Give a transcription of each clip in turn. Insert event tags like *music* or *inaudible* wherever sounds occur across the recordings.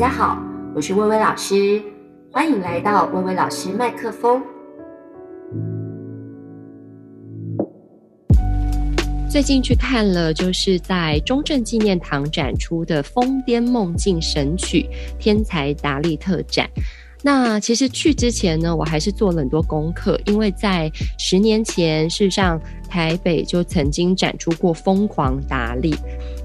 大家好，我是微微老師，歡迎來到微微老師麥克風。最近去看了，就是在中正紀念堂展出的《瘋癲夢境神曲天才達利》特展。那其實去之前呢，我還是做了很多功課，因為在十年前，事實上台北就曾經展出過瘋達力《瘋狂達利》。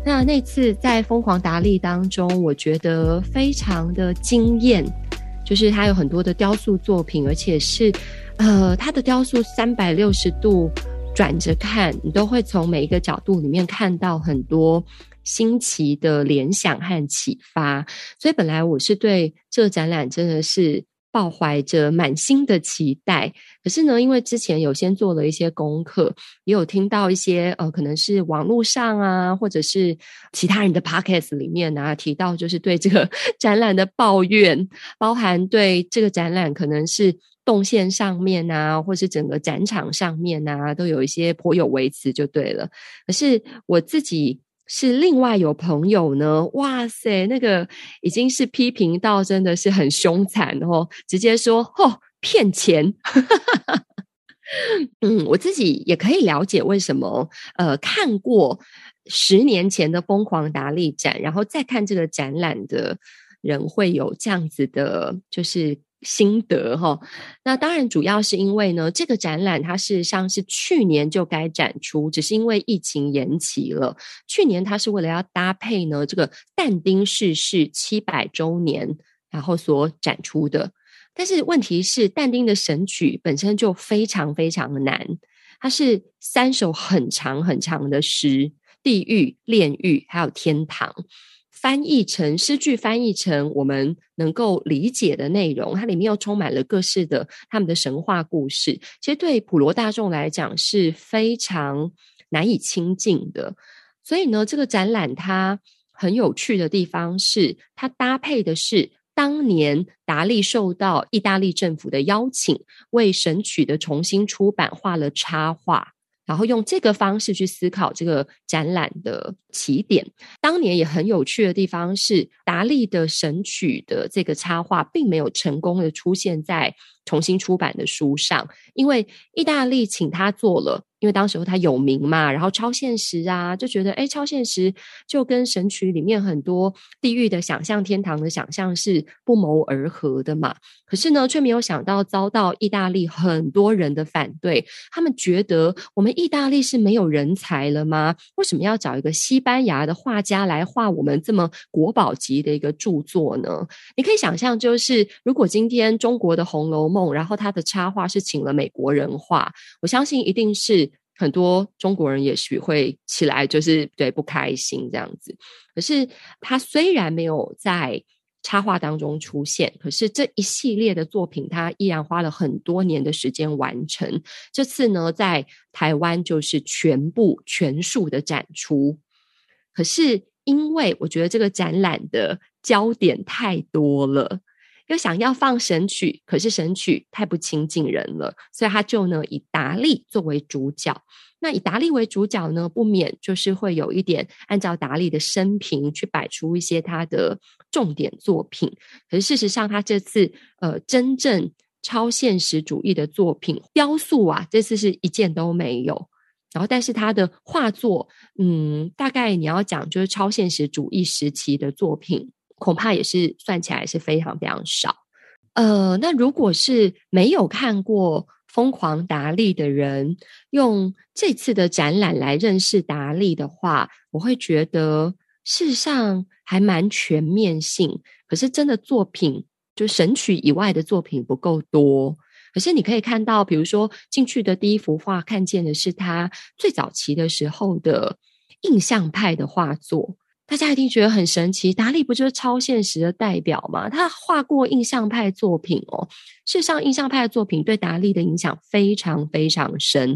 那那次在瘋狂達利當中，我覺得非常的驚艷，就是他有很多的雕塑作品，而且是，呃，他的雕塑三百六十度轉着看，你都會從每一個角度裡面看到很多新奇的聯想和啟發，所以本來我是對這個展覽真的是。抱懷着滿心的期待，可是呢，因為之前有先做了一些功課，也有聽到一些呃，可能是網絡上啊，或者是其他人的 podcast 裡面啊，提到就是對這個展覽的抱怨，包含對這個展覽可能是動線上面啊，或是整個展場上面啊，都有一些頗有微詞就對了。可是我自己。是另外有朋友呢，哇塞，那個已經是批評到真的是很兇殘，然後直接說，哦，騙錢。 *laughs* 嗯，我自己也可以了解為什麼，呃，看過十年前的瘋狂達利展，然後再看這個展覽的人會有這樣子的，就是。心得哈，那當然主要是因為呢，這個展覽它事實上是去年就該展出，只是因為疫情延期了。去年它是為了要搭配呢這個但丁逝世七百周年，然後所展出的。但是問題是，但丁的神曲本身就非常非常的難，它是三首很長很長的詩，地獄、煉獄還有天堂。翻譯成詩句，翻譯成我們能夠理解的內容。它裡面又充滿了各式的他們的神話故事，其實對普羅大眾來講是非常難以親近的。所以呢，這個展覽它很有趣的地方是，它搭配的是當年達利受到意大利政府的邀請，為《神曲》的重新出版畫了插畫。然後用這個方式去思考這個展覽的起點。當年也很有趣的地方是，達利的《神曲》的這個插畫並沒有成功的出現在重新出版的書上，因為意大利請他做了，因為當時候他有名嘛，然後超現實啊，就覺得哎、欸，超現實就跟《神曲》裡面很多地獄的想象、天堂的想象是不謀而合的嘛。可是呢，卻沒有想到遭到意大利很多人的反對。他們覺得我們意大利是沒有人才了嗎？為什麼要找一個西班牙的畫家來畫我們這麼國寶級的一個著作呢？你可以想象，就是如果今天中國的《紅樓夢》，然後它的插畫是請了美國人畫，我相信一定是很多中國人也許會起來，就是對不開心這樣子。可是他雖然沒有在插畫當中出現，可是這一系列的作品，他依然花了很多年的時間完成。這次呢，在台灣就是全部全數的展出，可是因為我覺得這個展覽的焦點太多了。又想要放《神曲》，可是《神曲》太不親近人了，所以他就呢以達利作為主角。那以達利為主角呢，不免就是會有一點按照達利的生平去擺出一些他的重點作品。可是事實上，他這次呃，真正超現實主義的作品，雕塑啊，這次是一件都沒有。然後，但是他的畫作，嗯，大概你要講就是超現實主義時期的作品。恐怕也是算起來是非常非常少。呃，那如果是沒有看過《瘋狂達利》的人，用這次的展覽來認識達利的話，我會覺得事實上還蠻全面性。可是真的作品，就《神曲》以外的作品不夠多。可是你可以看到，比如說，進去的第一幅畫，看見的是他最早期的時候的印象派的畫作。大家一定覺得很神奇，達利不就是超現實的代表嗎？他畫過印象派作品哦。事實上，印象派的作品對達利的影響非常非常深，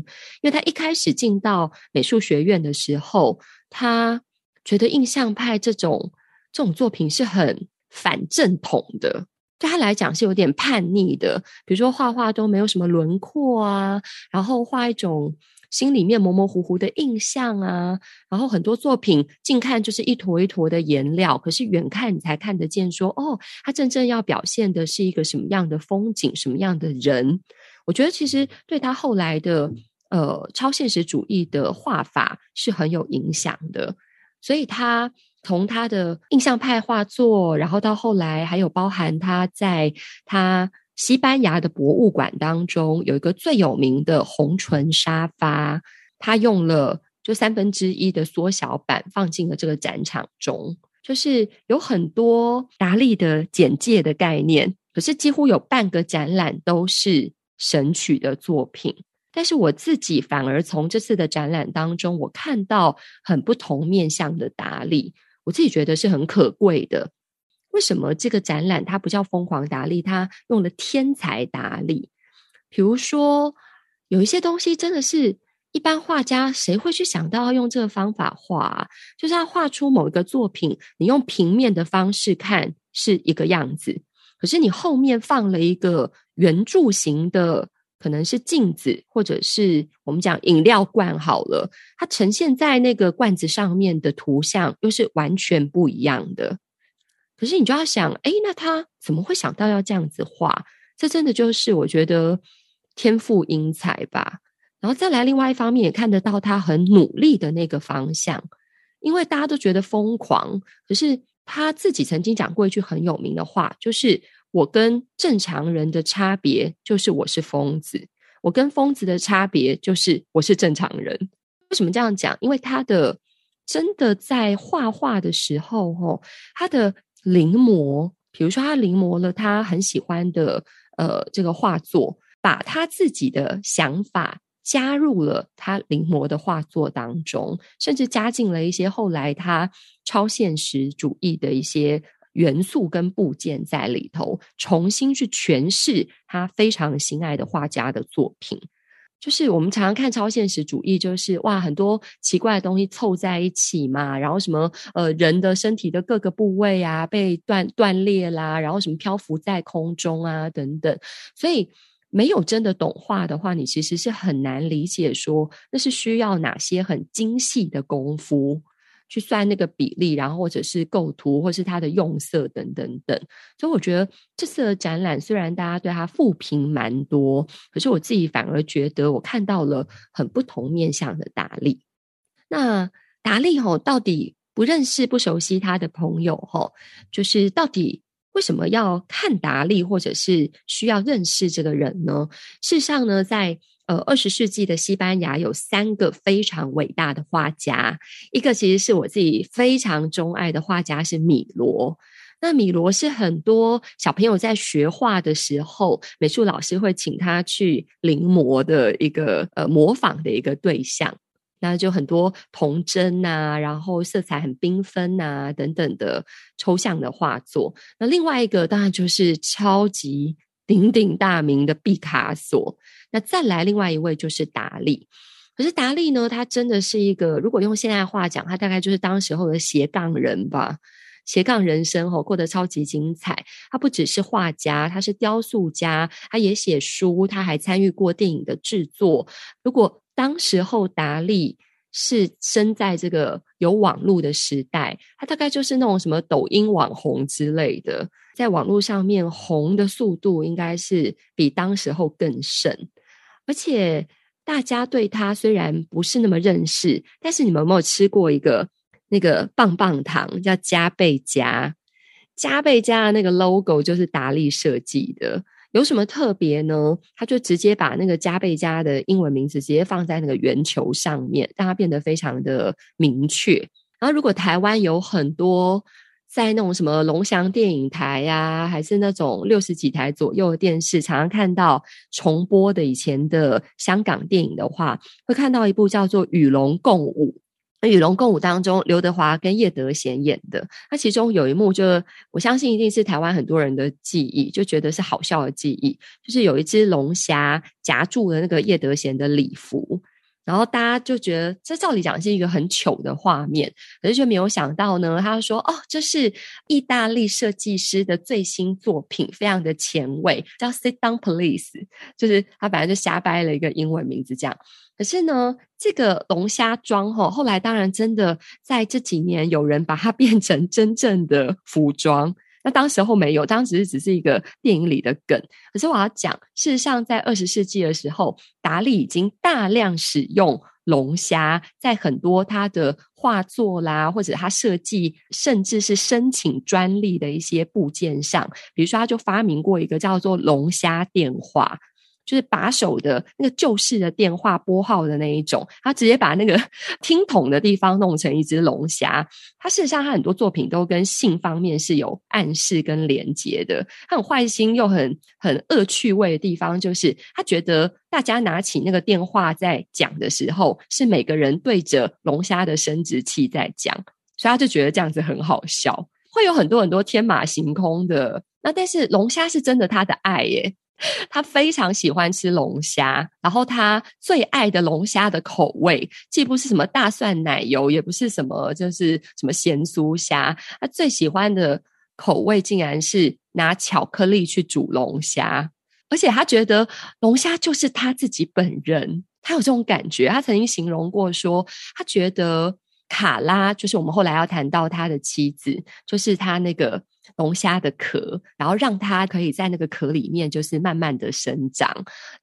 因為他一開始進到美術學院的時候，他覺得印象派這種這種作品是很反正統的，對他來講是有點叛逆的。比如說，畫畫都沒有什麼輪廓啊，然後畫一種。心裡面模模糊糊的印象啊，然後很多作品近看就是一坨一坨的顏料，可是遠看你才看得見說，說哦，他真正要表現的是一個什麼樣的風景，什麼樣的人。我覺得其實對他後來的呃超現實主義的畫法是很有影響的，所以他從他的印象派畫作，然後到後來還有包含他在他。西班牙的博物館當中有一個最有名的紅唇沙發，他用了就三分之一的縮小版放進了這個展場中。就是有很多達利的簡介的概念，可是幾乎有半個展覽都是神曲的作品。但是我自己反而從這次的展覽當中，我看到很不同面向的達利，我自己覺得是很可貴的。為什麼這個展覽它不叫瘋狂達利，它用了天才達利？比如說，有一些東西真的是，一般畫家誰會去想到要用這個方法畫啊？就是要畫出某一個作品，你用平面的方式看是一個樣子，可是你後面放了一個圓柱形的，可能是鏡子，或者是我們講飲料罐好了，它呈現在那個罐子上面的圖像，又是完全不一樣的。可是你就要想，哎、欸，那他怎麼會想到要這樣子畫？這真的就是我覺得天賦英才吧。然後再來另外一方面，也看得到他很努力的那個方向。因為大家都覺得瘋狂，可是他自己曾經講過一句很有名的話，就是“我跟正常人的差別就是我是瘋子，我跟瘋子的差別就是我是正常人。”為什麼這樣講？因為他的真的在畫畫的時候，他的。臨摹，比如說他臨摹了他很喜歡的呃、這個畫作，把他自己的想法加入了他臨摹的畫作當中，甚至加進了一些後來他超現實主義的一些元素跟部件在裡頭，重新去詮釋他非常心愛的畫家的作品。就是我們常常看超現實主義，就是哇，很多奇怪的東西湊在一起嘛，然後什麼呃，人的身體的各個部位啊被斷斷裂啦，然後什麼漂浮在空中啊等等，所以沒有真的懂畫的話，你其實是很難理解說那是需要哪些很精細的功夫。去算那個比例，然後或者是構圖，或者是他的用色等等等。所以我覺得這次的展覽雖然大家對他負評蠻多，可是我自己反而覺得我看到了很不同面向的達利。那達利吼，到底不認識不熟悉他的朋友哈，就是到底為什麼要看達利，或者是需要認識這個人呢？事實上呢，在呃，二十世紀的西班牙有三個非常偉大的畫家，一個其實是我自己非常鍾愛的畫家是米羅。那米羅是很多小朋友在學畫的時候，美術老師會請他去臨摹的一個呃，模仿的一個對象。那就很多童真啊，然後色彩很繽紛啊等等的抽象的畫作。那另外一個當然就是超級。鼎鼎大名的畢卡索，那再來另外一位就是達利。可是達利呢，他真的是一個，如果用現在話講，他大概就是當時候的斜槓人吧。斜槓人生哦，過得超級精彩。他不只是畫家，他是雕塑家，他也寫書，他還參與過電影的製作。如果當時候達利。是生在這個有網絡的時代，他大概就是那種什麼抖音網紅之類的，在網絡上面紅的速度應該是比當時候更甚，而且大家對他雖然不是那麼認識，但是你們有沒有吃過一個那個棒棒糖叫加倍佳？加倍佳的那個 logo 就是達利設計的。有什麼特別呢？他就直接把那個加倍加的英文名字直接放在那個圓球上面，讓它變得非常的明確。然後，如果台灣有很多在那種什麼龍祥電影台呀、啊，還是那種六十幾台左右的電視，常常看到重播的以前的香港電影的話，會看到一部叫做《與龍共舞》。那與龍共舞當中，劉德華跟葉德嫻演的，那其中有一幕就，就我相信一定是台灣很多人的記憶，就覺得是好笑的記憶，就是有一隻龍蝦夾住了那個葉德嫻的禮服。然後大家就覺得這照理講是一個很糗的畫面，可是卻沒有想到呢，他說：“哦，這是意大利設計師的最新作品，非常的前衛，叫 Sit Down Please。”就是他本來就瞎掰了一個英文名字這樣。可是呢，這個龍蝦裝哈、哦，後來當然真的在這幾年有人把它變成真正的服裝。啊，當時候沒有，當時只是一個電影裡的梗。可是我要講，事實上在二十世紀的時候，達利已經大量使用龍蝦，在很多他的畫作啦，或者他設計，甚至是申請專利的一些部件上。比如說，他就發明過一個叫做“龍蝦電話”。就是把手的那個舊式的電話撥號的那一種，他直接把那個聽筒的地方弄成一隻龍蝦。他事實上，他很多作品都跟性方面是有暗示跟連結的。他很壞心又很很惡趣味的地方，就是他覺得大家拿起那個電話在講的時候，是每個人對着龍蝦的生殖器在講，所以他就覺得這樣子很好笑。會有很多很多天馬行空的。那但是龍蝦是真的他的愛耶。他非常喜歡吃龍蝦，然後他最愛的龍蝦的口味既不是什麼大蒜奶油，也不是什麼就是什麼鹹酥蝦，他最喜歡的口味竟然是拿巧克力去煮龍蝦，而且他覺得龍蝦就是他自己本人，他有這種感覺。他曾經形容過說，他覺得卡拉就是我們後來要談到他的妻子，就是他那個。龍蝦的殼，然後讓它可以在那個殼裡面，就是慢慢的生長。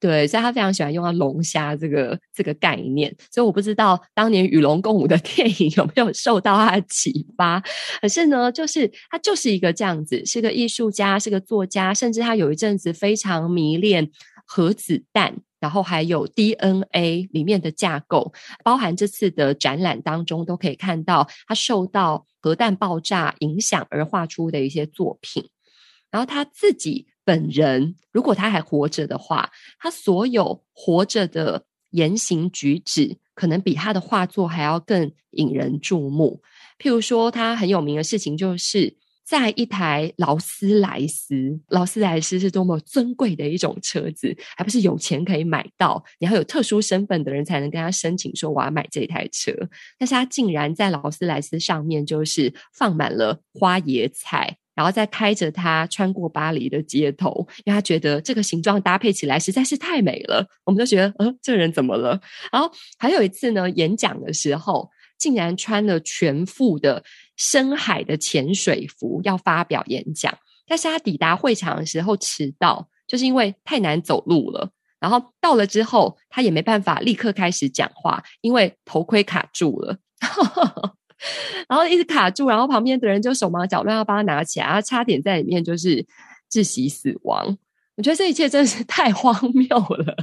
對，所以他非常喜歡用到龍蝦這個這個概念。所以我不知道當年《與龍共舞》的電影有沒有受到他的啟發。可是呢，就是他就是一個這樣子，是個藝術家，是個作家，甚至他有一陣子非常迷戀核子彈。然後還有 DNA 裡面的架構，包含這次的展覽當中都可以看到，他受到核彈爆炸影響而畫出的一些作品。然後他自己本人，如果他還活着的話，他所有活着的言行舉止，可能比他的畫作還要更引人注目。譬如說，他很有名的事情就是。在一台勞斯萊斯，勞斯萊斯是多麼尊貴的一種車子，還不是有錢可以買到，你要有特殊身份的人才能跟他申請說我要買這台車。但是他竟然在勞斯萊斯上面就是放滿了花椰菜，然後再開着它穿過巴黎的街頭，因為他覺得這個形狀搭配起來實在是太美了。我們都覺得，呃、嗯，這個人怎麼了？然後還有一次呢，演講的時候。竟然穿了全副的深海的潛水服要發表演講，但是他抵達會場的時候遲到，就是因為太難走路了。然後到了之後，他也沒辦法立刻開始講話，因為頭盔卡住了， *laughs* 然後一直卡住，然後旁邊的人就手忙腳亂要幫他拿起來，他差點在裡面就是窒息死亡。我覺得這一切真是太荒謬了，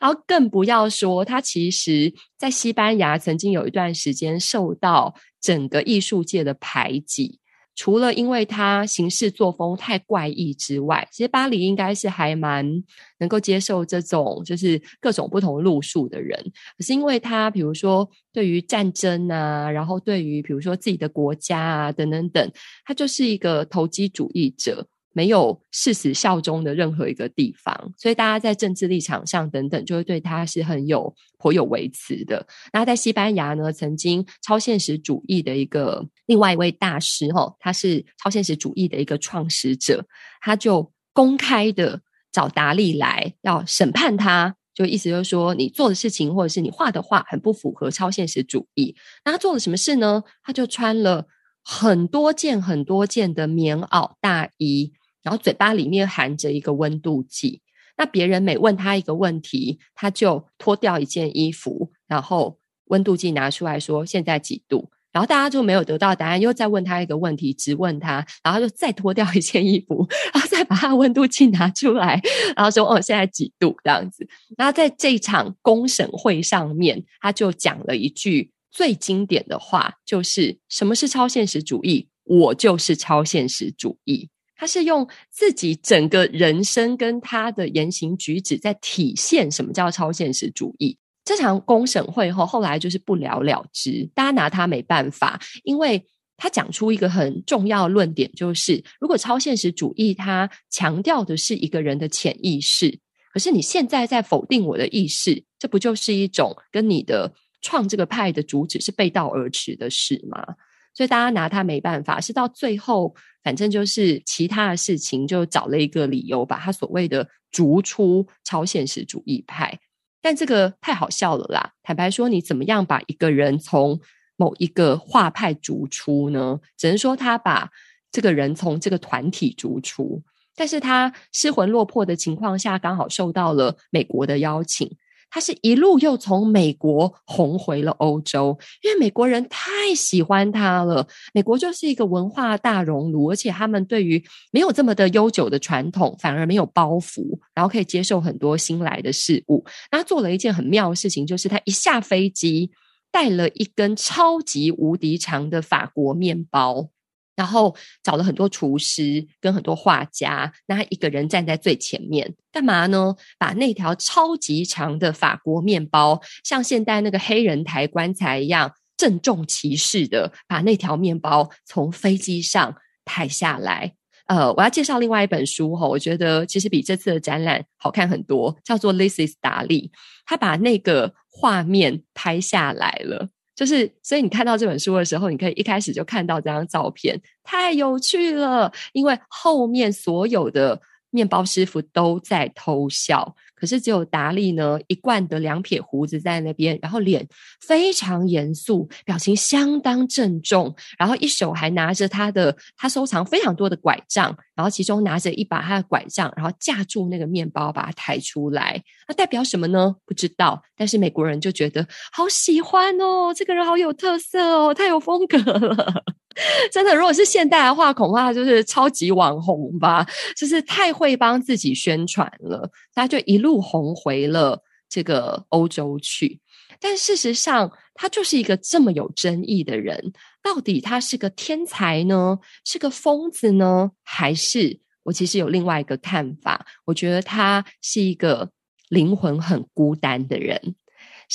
然後更不要說他其實，在西班牙曾經有一段時間受到整個藝術界的排擠，除了因為他行事作風太怪異之外，其實巴黎應該是還蠻能夠接受這種就是各種不同路數的人。可是因為他比如說對於戰爭啊，然後對於比如說自己的國家啊等等等，他就是一個投機主義者。沒有誓死效忠的任何一個地方，所以大家在政治立場上等等，就會對他是很有頗有微詞的，那在西班牙呢，曾經超現實主義的一個另外一位大師哈、哦，他是超現實主義的一個創始者，他就公開的找達利來要審判他，就意思就是說你做的事情或者是你畫的畫很不符合超現實主義。那他做了什麼事呢？他就穿了很多件很多件的棉襖大衣。然後嘴巴裡面含着一個溫度計，那別人每問他一個問題，他就脫掉一件衣服，然後溫度計拿出來說現在幾度。然後大家就沒有得到答案，又再問他一個問題，直問他，然後就再脫掉一件衣服，然後再把他溫度計拿出來，然後說哦，現在幾度這樣子。然後在這場公審會上面，他就講了一句最經典的話，就是什麼是超現實主義？我就是超現實主義。他是用自己整個人生跟他的言行舉止，在體現什麼叫超現實主義。這場公審會後，後來就是不了了之，大家拿他沒辦法，因為他講出一個很重要的論點，就是如果超現實主義他強調的是一個人的潛意識，可是你現在在否定我的意識，這不就是一種跟你的創這個派的主旨是背道而馳的事嗎？所以大家拿他沒辦法，是到最後，反正就是其他的事情，就找了一個理由把他所謂的逐出超現實主義派。但這個太好笑了啦！坦白說，你怎麼樣把一個人從某一個畫派逐出呢？只能說他把這個人從這個團體逐出，但是他失魂落魄的情況下，剛好受到了美國的邀請。他是一路又從美國紅回了歐洲，因為美國人太喜歡他了。美國就是一個文化大熔爐，而且他們對於沒有這麼的悠久的傳統，反而沒有包袱，然後可以接受很多新來的事物。他做了一件很妙的事情，就是他一下飛機帶了一根超級無敵長的法國麵包。然後找了很多廚師跟很多畫家，那他一個人站在最前面，幹嘛呢？把那條超級長的法國麵包，像現在那個黑人抬棺材一樣，鄭重其事的把那條麵包從飛機上抬下來。呃，我要介紹另外一本書哈，我覺得其實比這次的展覽好看很多，叫做《This is 達利》，他把那個畫面拍下來了。就是，所以你看到這本書的時候，你可以一開始就看到這張照片，太有趣了，因為後面所有的麵包師傅都在偷笑。可是只有達利呢，一貫的兩撇鬍子在那邊，然後臉非常嚴肅，表情相當鄭重，然後一手還拿着他的他收藏非常多的拐杖，然後其中拿着一把他的拐杖，然後架住那個麵包把它抬出來。那、啊、代表什麼呢？不知道。但是美國人就覺得好喜歡哦，這個人好有特色哦，太有風格了。 *laughs* 真的，如果是現代的話，恐怕就是超級網紅吧，就是太會幫自己宣傳了，他就一路紅回了這個歐洲去。但事實上，他就是一個這麼有爭議的人。到底他是個天才呢？是個瘋子呢？還是？我其實有另外一個看法。我覺得他是一個靈魂很孤單的人。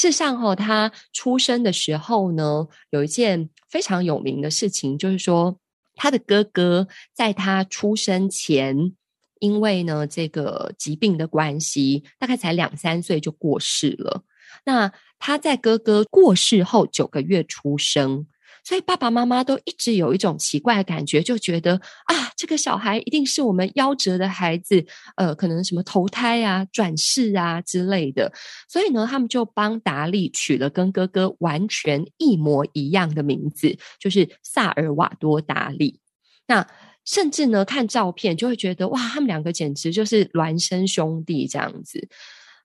事實上，哦，哈，他出生的時候呢，有一件非常有名的事情，就是說，他的哥哥在他出生前，因為呢這個疾病的關係，大概才兩三歲就過世了。那他在哥哥過世後九個月出生。所以爸爸媽媽都一直有一種奇怪的感覺，就覺得啊，這個小孩一定是我們夭折的孩子，呃，可能什麼投胎啊、轉世啊之類的。所以呢，他們就幫達利取了跟哥哥完全一模一樣的名字，就是薩爾瓦多達利。那甚至呢，看照片就會覺得哇，他們兩個簡直就是孿生兄弟這樣子。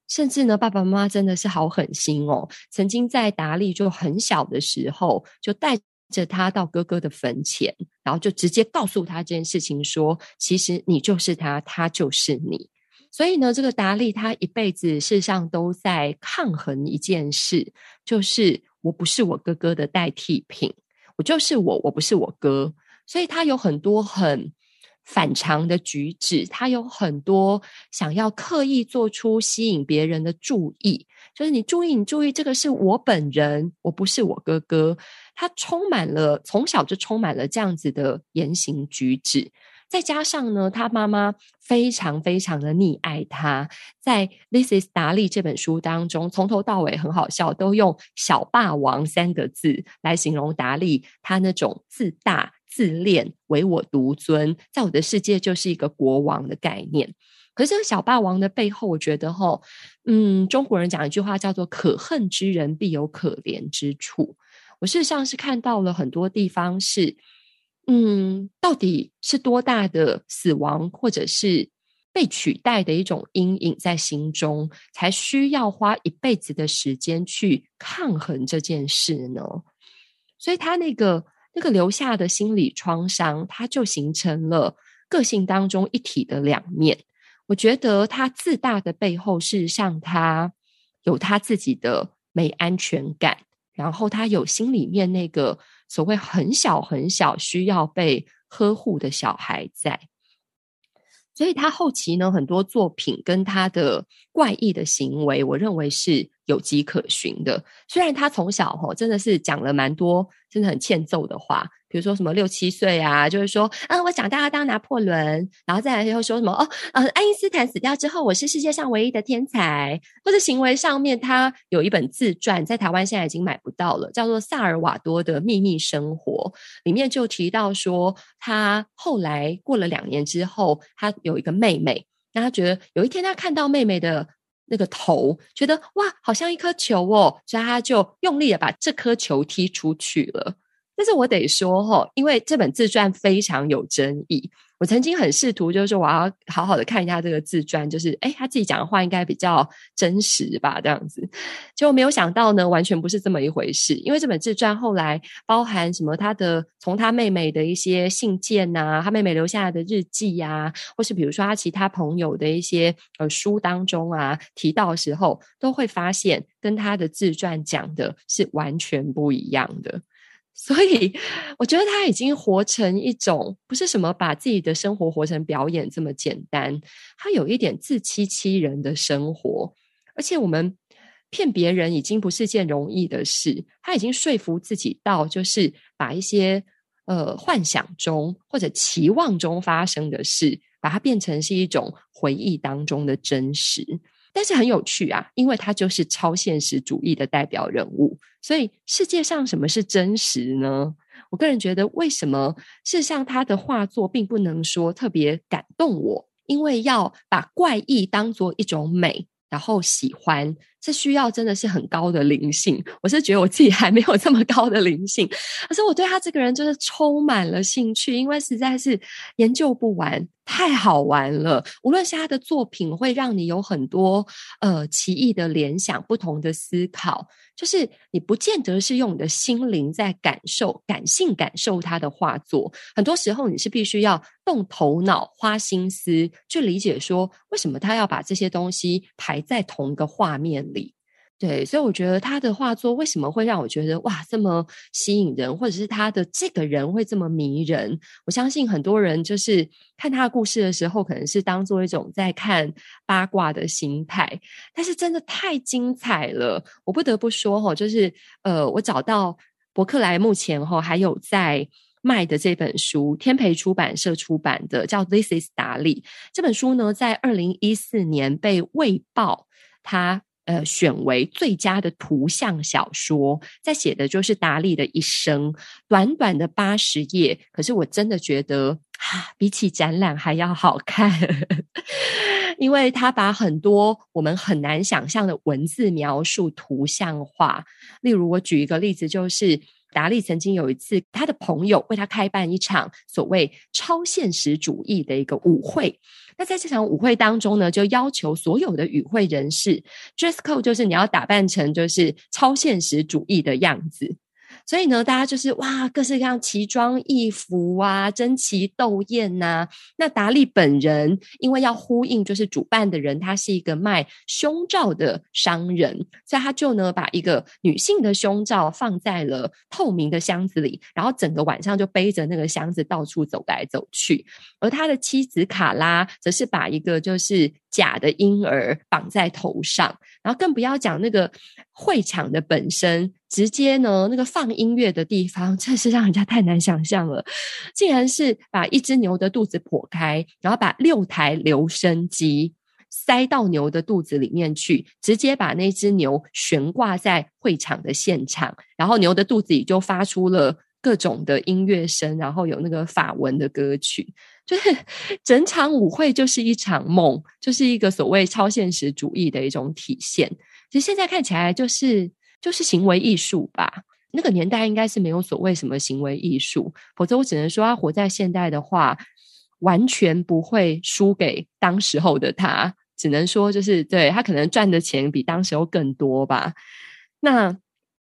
甚至呢，爸爸媽媽真的是好狠心哦。曾經在達利就很小的時候，就帶着他到哥哥的墳前，然後就直接告訴他這件事情，說：“其實你就是他，他就是你。”所以呢，這個達利他一輩子事實上都在抗衡一件事，就是我不是我哥哥的代替品，我就是我，我不是我哥。所以他有很多很。反常的舉止，他有很多想要刻意做出吸引別人的注意，就是你注意，你注意，這個是我本人，我不是我哥哥。他充滿了，從小就充滿了這樣子的言行舉止，再加上呢，他媽媽非常非常的溺愛他。在《This Is 達利》這本書當中，從頭到尾很好笑，都用“小霸王”三個字來形容達利，他那種自大。自戀、唯我獨尊，在我的世界就是一個國王的概念。可是這個小霸王的背後，我覺得哈，嗯，中國人講一句話叫做“可恨之人必有可憐之處”。我事實上是看到了很多地方是，嗯，到底是多大的死亡或者是被取代的一種陰影在心中，才需要花一輩子的時間去抗衡這件事呢？所以，他那個。那個留下的心理創傷，它就形成了個性當中一體的兩面。我覺得他自大的背後，是像他有他自己的沒安全感，然後他有心裡面那個所謂很小很小需要被呵護的小孩在。所以他後期呢，很多作品跟他的怪異的行為，我認為是有跡可循的。雖然他從小齁，真的是講了蠻多，真的很欠揍的話。比如說什麼六七歲啊，就是說，啊、呃，我長大要當拿破崙，然後再來就會說什麼哦，呃，愛因斯坦死掉之後，我是世界上唯一的天才。或者行為上面，他有一本自傳，在台灣現在已經買不到了，叫做《薩爾瓦多的秘密生活》，裡面就提到說，他後來過了兩年之後，他有一個妹妹，那他覺得有一天他看到妹妹的那個頭，覺得哇，好像一顆球哦，所以他就用力的把這顆球踢出去了。但是我得說哈、哦，因為這本自傳非常有爭議。我曾經很試圖，就是說我要好好的看一下這個自傳，就是誒他自己講的話應該比較真實吧，這樣子。結果沒有想到呢，完全不是這麼一回事。因為這本自傳後來包含什麼？他的從他妹妹的一些信件吶、啊，他妹妹留下的日記呀、啊，或是比如說他其他朋友的一些呃書當中啊提到的時候，都會發現跟他的自傳講的是完全不一樣的。所以，我覺得他已經活成一種不是什麼把自己的生活活成表演這麼簡單。他有一點自欺欺人的生活，而且我們騙別人已經不是件容易的事。他已經說服自己到，就是把一些呃幻想中或者期望中發生的事，把它變成是一種回憶當中的真實。但是很有趣啊，因為他就是超現實主義的代表人物，所以世界上什麼是真實呢？我個人覺得，為什麼事實上他的畫作並不能說特別感動我？因為要把怪異當做一種美，然後喜歡，這需要真的是很高的靈性。我是覺得我自己還沒有這麼高的靈性，可是我對他這個人就是充滿了興趣，因為實在是研究不完。太好玩了！無論是他的作品，會讓你有很多呃奇異的聯想、不同的思考。就是你不見得是用你的心靈在感受、感性感受他的畫作，很多時候你是必須要動頭腦、花心思去理解，說為什麼他要把這些東西排在同一個畫面裡。對，所以我覺得他的畫作為什麼會讓我覺得哇這麼吸引人，或者是他的這個人會這麼迷人？我相信很多人就是看他的故事的時候，可能是當做一種在看八卦的心態，但是真的太精彩了，我不得不說哈、哦，就是呃，我找到博客來目前哈、哦、還有在賣的這本書，天培出版社出版的叫《This Is 達利》這本書呢，在二零一四年被《衛報》它。呃，選為最佳的圖像小說，在寫的就是達利的一生，短短的八十頁，可是我真的覺得哈，啊，比起展覽還要好看， *laughs* 因為他把很多我們很難想象的文字描述圖像化。例如，我舉一個例子就是。達利曾經有一次，他的朋友為他開辦一場所謂超現實主義的一個舞會。那在這場舞會當中呢，就要求所有的與會人士，dress code 就是你要打扮成就是超現實主義的樣子。所以呢，大家就是哇，各式各樣奇裝異服啊，爭奇鬥艷吶啊。那達利本人，因為要呼應就是主辦的人，他是一個賣胸罩的商人，所以他就呢把一個女性的胸罩放在了透明的箱子裡，然後整個晚上就背着那個箱子到處走來走去。而他的妻子卡拉，則是把一個就是。假的嬰兒綁在頭上，然後更不要講那個會場的本身，直接呢那個放音樂的地方，真是讓人家太難想象了。竟然是把一隻牛的肚子剖開，然後把六台留聲機塞到牛的肚子裡面去，直接把那隻牛懸掛在會場的現場，然後牛的肚子裡就發出了各種的音樂聲，然後有那個法文的歌曲。就是整場舞會就是一場夢，就是一個所謂超現實主義的一種體現。其實現在看起來就是就是行為藝術吧。那個年代應該是沒有所謂什麼行為藝術，否則我只能說他活在現代的話，完全不會輸給當時候的他。只能說就是，對，他可能賺的錢比當時候更多吧。那。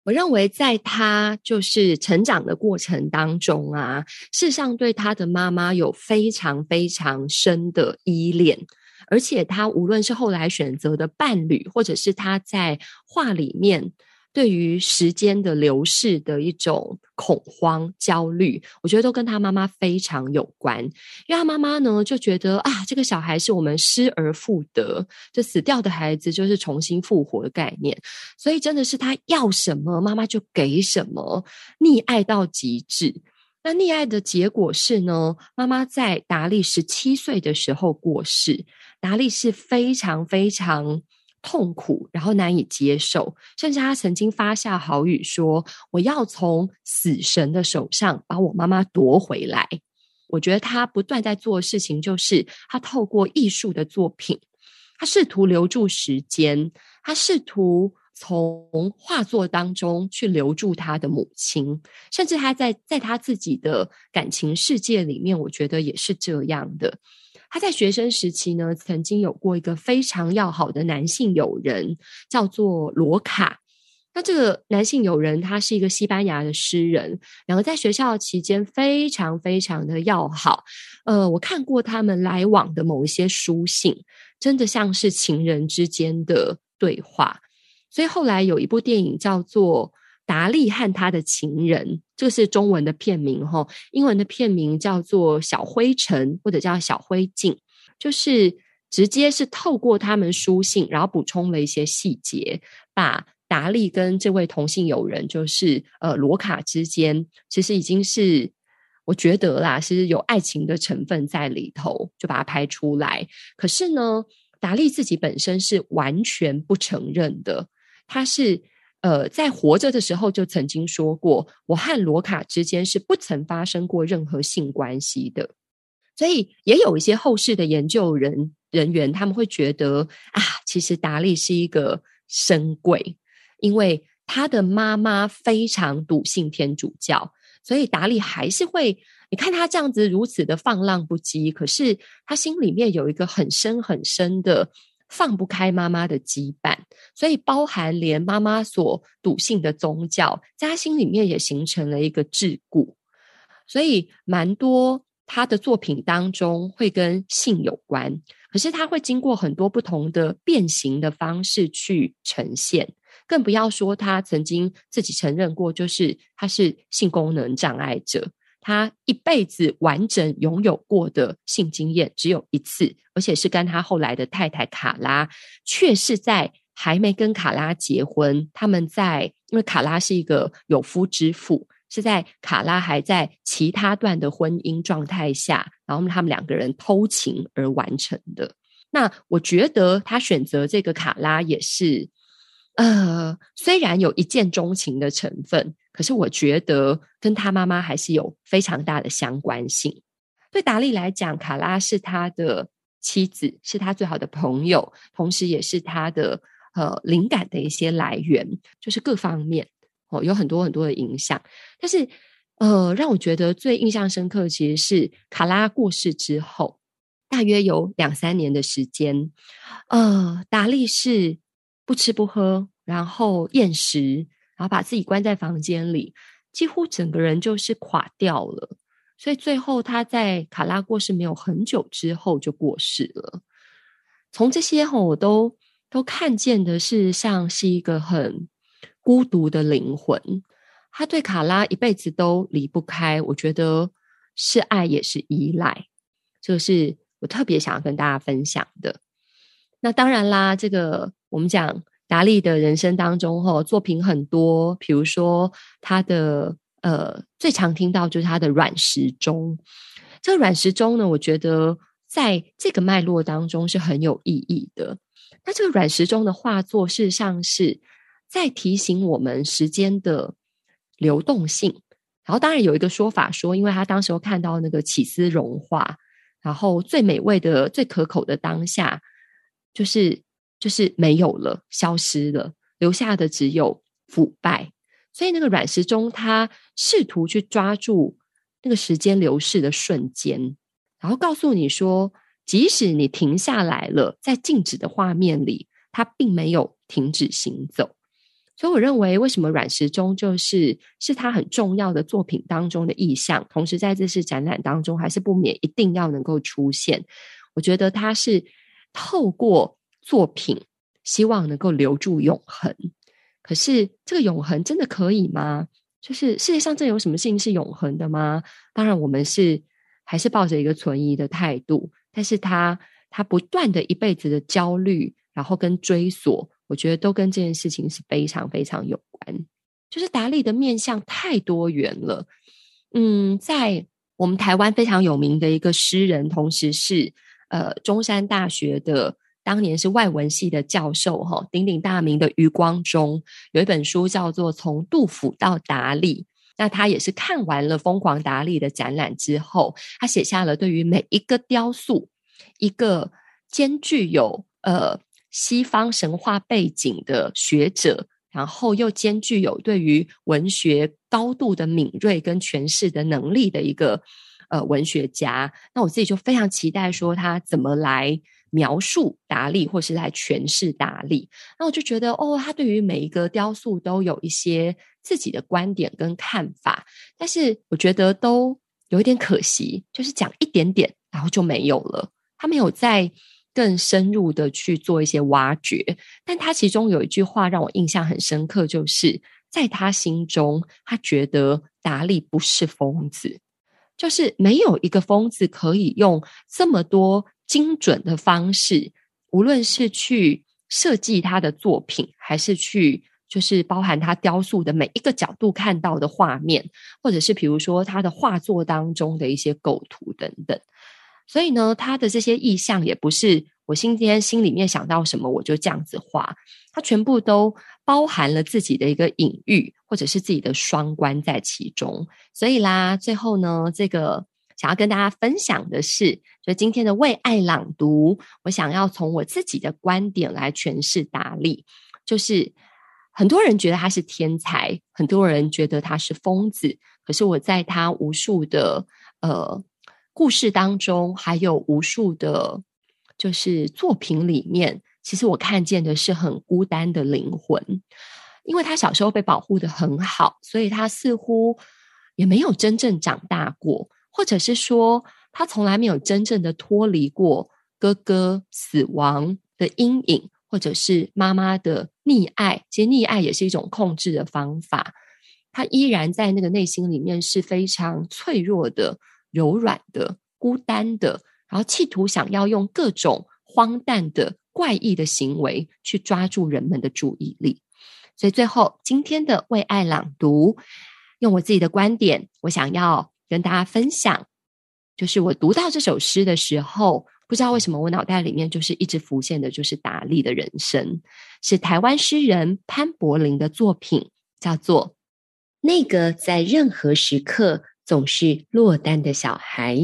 我認為，在他就是成長的過程當中啊，事實上對他的媽媽有非常非常深的依戀，而且他無論是後來選擇的伴侶，或者是他在畫裡面。對於時間的流逝的一種恐慌、焦慮，我覺得都跟他媽媽非常有關。因為他媽媽呢就覺得啊，這個小孩是我們失而復得，這死掉的孩子就是重新復活的概念，所以真的是他要什麼，媽媽就給什麼，溺愛到極致。那溺愛的結果是呢，媽媽在達利十七歲的時候過世。達利是非常非常。痛苦，然後難以接受，甚至他曾經發下豪語說：“我要從死神的手上把我媽媽奪回來。”我覺得他不斷在做的事情，就是他透過藝術的作品，他試圖留住時間，他試圖從畫作當中去留住他的母親，甚至他在在他自己的感情世界裡面，我覺得也是這樣的。他在學生時期呢，曾經有過一個非常要好的男性友人，叫做羅卡。那這個男性友人他是一個西班牙的詩人，兩個在學校期間非常非常的要好。呃，我看過他們來往的某一些書信，真的像是情人之間的對話。所以後來有一部電影叫做。達利和他的情人，這是中文的片名哈，英文的片名叫做《小灰塵》或者叫《小灰燼》，就是直接是透過他們書信，然後補充了一些細節，把達利跟這位同性友人，就是呃羅卡之間，其實已經是我覺得啦，是有愛情的成分在裡頭，就把它拍出來。可是呢，達利自己本身是完全不承認的，他是。呃，在活着的時候就曾經說過，我和羅卡之間是不曾發生過任何性關係的。所以也有一些後世的研究人人員，他們會覺得啊，其實達利是一個深櫃，因為他的媽媽非常篤信天主教，所以達利還是會，你看他這樣子如此的放浪不羈，可是他心裡面有一個很深很深的。放不開媽媽的羈絆，所以包含連媽媽所篤信的宗教，在他心裡面也形成了一個桎梏。所以，蠻多他的作品當中會跟性有關，可是他會經過很多不同的變形的方式去呈現。更不要說他曾經自己承認過，就是他是性功能障礙者。他一輩子完整擁有過的性經驗只有一次，而且是跟他後來的太太卡拉，卻是在還沒跟卡拉結婚，他們在，因為卡拉是一個有夫之婦，是在卡拉還在其他段的婚姻狀態下，然後他們兩個人偷情而完成的。那我覺得他選擇這個卡拉也是，呃，雖然有一見鍾情的成分。可是我覺得跟他媽媽還是有非常大的相關性。對達利來講，卡拉是他的妻子，是他最好的朋友，同時也是他的呃靈感的一些來源，就是各方面哦有很多很多的影響。但是呃，讓我覺得最印象深刻，其實是卡拉過世之後，大約有兩三年的時間，呃，達利是不吃不喝，然後厭食。然後把自己關在房間裡，幾乎整個人就是垮掉了。所以最後他在卡拉過世沒有很久之後就過世了。從這些哈、哦，我都都看見的，事實上是一個很孤獨的靈魂。他對卡拉一輩子都離不開，我覺得是愛也是依賴，這是我特別想要跟大家分享的。那當然啦，這個我們講。達利的人生當中，哈，作品很多，比如說他的呃，最常聽到就是他的《軟時鐘》。這個《軟時鐘》呢，我覺得在這個脈絡當中是很有意義的。那這個《軟時鐘》的畫作，事實上是在提醒我們時間的流動性。然後，當然有一個說法說，因為他當時看到那個起司融化，然後最美味的、最可口的當下，就是。就是沒有了，消失了，留下的只有腐敗。所以那個軟時鐘，他試圖去抓住那個時間流逝的瞬間，然後告訴你說，即使你停下來了，在靜止的畫面裡，他並沒有停止行走。所以我認為，為什麼軟時鐘就是是他很重要的作品當中的意象，同時在這次展覽當中，還是不免一定要能夠出現。我覺得他是透過。作品希望能夠留住永恆，可是這個永恆真的可以嗎？就是世界上真有什麼事情是永恆的嗎？當然，我們是還是抱着一個存疑的態度。但是他他不斷的一輩子的焦慮，然後跟追索，我覺得都跟這件事情是非常非常有關。就是達利的面向太多元了。嗯，在我們台灣非常有名的一個詩人，同時是呃中山大學的。當年是外文系的教授，吼，鼎鼎大名的余光中有一本書叫做《從杜甫到達利》，那他也是看完了《瘋狂達利》的展覽之後，他寫下了對於每一個雕塑，一個兼具有呃西方神話背景的學者，然後又兼具有對於文學高度的敏銳跟詮釋的能力的一個呃文學家。那我自己就非常期待說他怎麼來。描述達利，或是來詮釋達利，那我就覺得哦，他對於每一個雕塑都有一些自己的觀點跟看法，但是我覺得都有一點可惜，就是講一點點，然後就沒有了，他沒有再更深入的去做一些挖掘。但他其中有一句話讓我印象很深刻，就是在他心中，他覺得達利不是瘋子，就是沒有一個瘋子可以用這麼多。精準的方式，無論是去設計他的作品，還是去就是包含他雕塑的每一個角度看到的畫面，或者是比如說他的畫作當中的一些構圖等等。所以呢，他的這些意象也不是我今天心裡面想到什麼我就這樣子畫，他全部都包含了自己的一個隱喻，或者是自己的雙關在其中。所以啦，最後呢，這個。想要跟大家分享的是，就今天的為愛朗讀，我想要從我自己的觀點來詮釋達利。就是很多人覺得他是天才，很多人覺得他是瘋子。可是我在他無數的呃故事當中，還有無數的，就是作品裡面，其實我看見的是很孤單的靈魂。因為他小時候被保護得很好，所以他似乎也沒有真正長大過。或者是說，他從來沒有真正的脫離過哥哥死亡的陰影，或者是媽媽的溺愛。其實溺愛也是一種控制的方法。他依然在那個內心裡面是非常脆弱的、柔軟的、孤單的，然後企圖想要用各種荒誕的、怪異的行為去抓住人們的注意力。所以，最後今天的為愛朗讀，用我自己的觀點，我想要。跟大家分享，就是我讀到這首詩的時候，不知道為什麼我腦袋裡面就是一直浮現的，就是達利的人生，是台灣詩人潘柏霖的作品，叫做《那個在任何時刻總是落單的小孩》。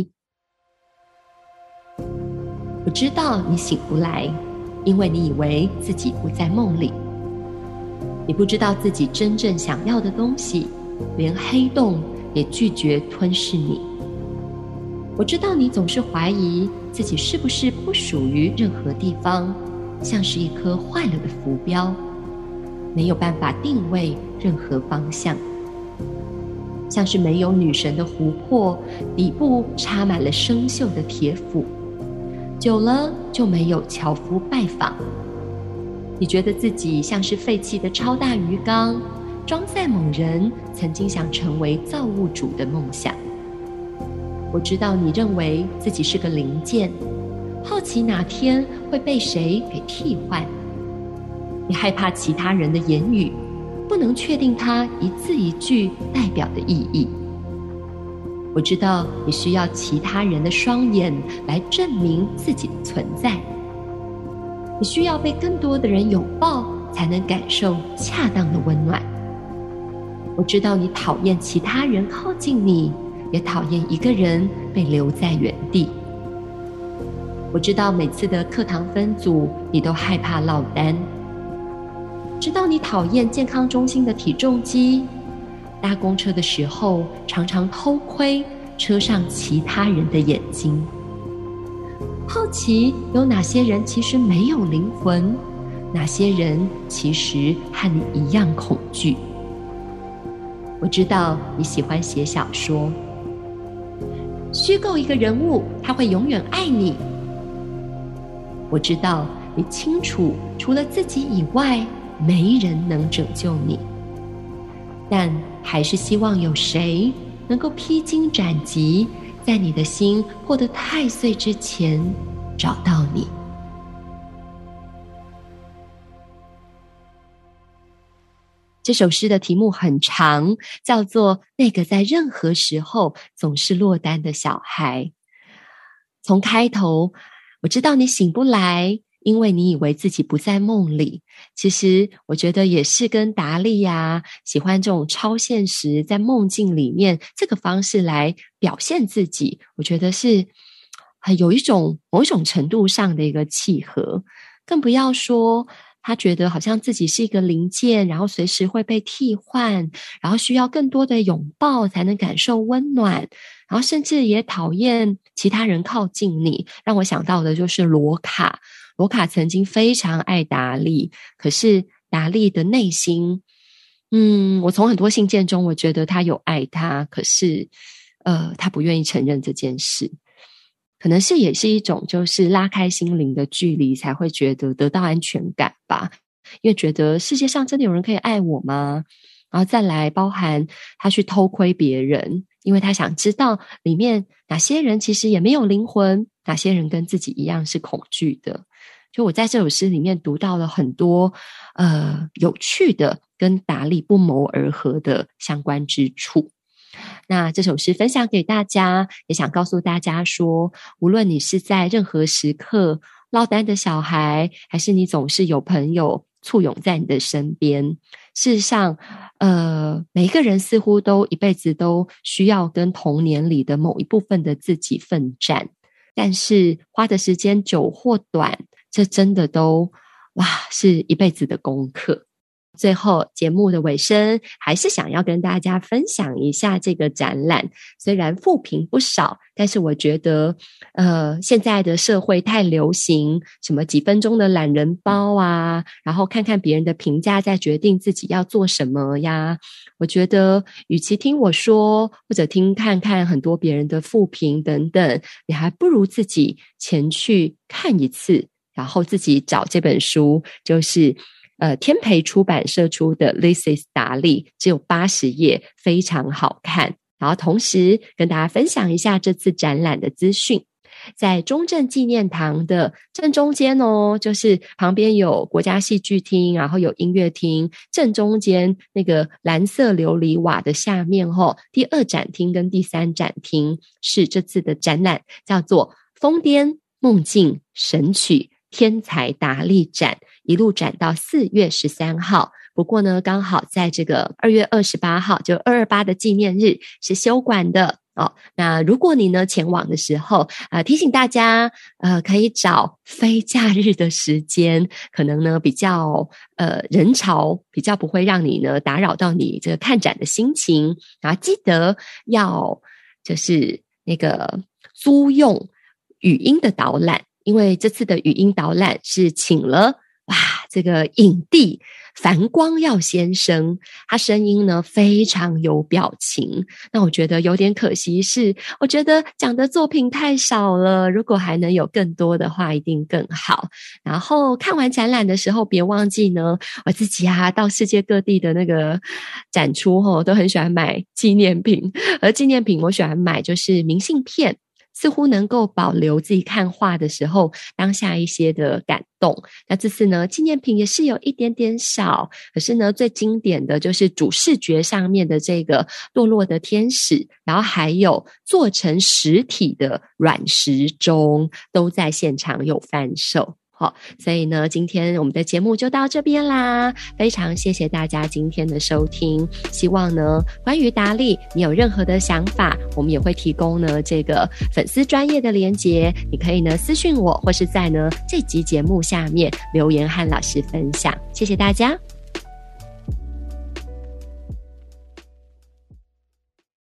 我知道你醒不來，因為你以為自己不在夢裡，你不知道自己真正想要的東西，連黑洞。也拒絕吞噬你。我知道你總是懷疑自己是不是不屬於任何地方，像是一顆壞了的浮標，沒有辦法定位任何方向，像是沒有女神的湖泊，底部插滿了生鏽的鐵斧，久了就沒有樵夫拜訪。你覺得自己像是廢棄的超大魚缸。裝載某人曾經想成為造物主的夢想。我知道你認為自己是個零件，好奇哪天會被誰給替換。你害怕其他人的言語，不能確定他一字一句代表的意義。我知道你需要其他人的雙眼來證明自己的存在。你需要被更多的人擁抱，才能感受恰當的溫暖。我知道你討厭其他人靠近你，也討厭一個人被留在原地。我知道每次的課堂分組，你都害怕落單。知道你討厭健康中心的體重機，搭公車的時候常常偷窺車上其他人的眼睛，好奇有哪些人其實沒有靈魂，哪些人其實和你一樣恐懼。我知道你喜歡寫小說，虛構一個人物，他會永遠愛你。我知道你清楚，除了自己以外，沒人能拯救你，但還是希望有誰能夠披荊斬棘，在你的心破得太碎之前，找到你。這首詩的題目很長，叫做《那個在任何時候總是落單的小孩》。從開頭，我知道你醒不來，因為你以為自己不在夢裡。其實，我覺得也是跟達利呀，喜歡這種超現實，在夢境裡面這個方式來表現自己，我覺得是很有一種某種程度上的一個契合。更不要說。他覺得好像自己是一個零件，然後隨時會被替換，然後需要更多的擁抱才能感受溫暖，然後甚至也討厭其他人靠近你。讓我想到的就是羅卡，羅卡曾經非常愛達利，可是達利的內心，嗯，我從很多信件中，我覺得他有愛他，可是，呃，他不願意承認這件事。可能是也是一種，就是拉開心靈的距離，才會覺得得到安全感吧。因為覺得世界上真的有人可以愛我嗎？然後再來包含他去偷窺別人，因為他想知道裡面哪些人其實也沒有靈魂，哪些人跟自己一樣是恐懼的。就我在這首詩裡面讀到了很多呃有趣的跟達利不謀而合的相關之處。那這首詩分享給大家，也想告訴大家說，無論你是在任何時刻落單的小孩，還是你總是有朋友簇擁在你的身邊，事實上，呃，每一個人似乎都一輩子都需要跟童年裡的某一部分的自己奮戰，但是花的時間久或短，這真的都，哇，是一輩子的功課。最後節目的尾聲，還是想要跟大家分享一下這個展覽。雖然負評不少，但是我覺得，呃，現在的社會太流行什麼幾分鐘的懶人包啊，然後看看別人的評價再決定自己要做什麼呀。我覺得，與其聽我說或者聽看看很多別人的負評等等，你還不如自己前去看一次，然後自己找這本書就是。呃，天培出版社出的《This is 達利》只有八十頁，非常好看。然後同時跟大家分享一下這次展覽的資訊，在中正紀念堂的正中間哦，就是旁邊有國家戲劇廳，然後有音樂廳，正中間那個藍色琉璃瓦的下面吼、哦，第二展廳跟第三展廳是這次的展覽，叫做《瘋癲夢境神曲》。天才達利展一路展到四月十三號，不過呢，剛好在這個二月二十八號，就二二八的紀念日是休館的哦。那如果你呢前往的時候啊，呃，提醒大家呃，可以找非假日的時間，可能呢比較呃人潮比較不會讓你呢打擾到你這個看展的心情。然後記得要就是那個租用語音的導覽。因為這次的語音導覽是請了哇，這個影帝樊光耀先生，他聲音呢非常有表情。那我覺得有點可惜是，我覺得講的作品太少了。如果還能有更多的話，一定更好。然後看完展覽的時候，別忘記呢，我自己啊到世界各地的那個展出哈、哦，都很喜歡買紀念品。而紀念品我喜歡買就是明信片。似乎能夠保留自己看畫的時候當下一些的感動。那這次呢，紀念品也是有一點點少，可是呢，最經典的就是主視覺上面的這個墮落，落的天使，然後還有做成實體的軟時鐘，都在現場有販售。好、oh，所以呢，今天我們的節目就到這邊啦。非常謝謝大家今天的收聽，希望呢，關於達利，你有任何的想法，我們也會提供呢這個粉絲專業的連結，你可以呢私訊我，或是在呢這集節目下面留言和老師分享。謝謝大家。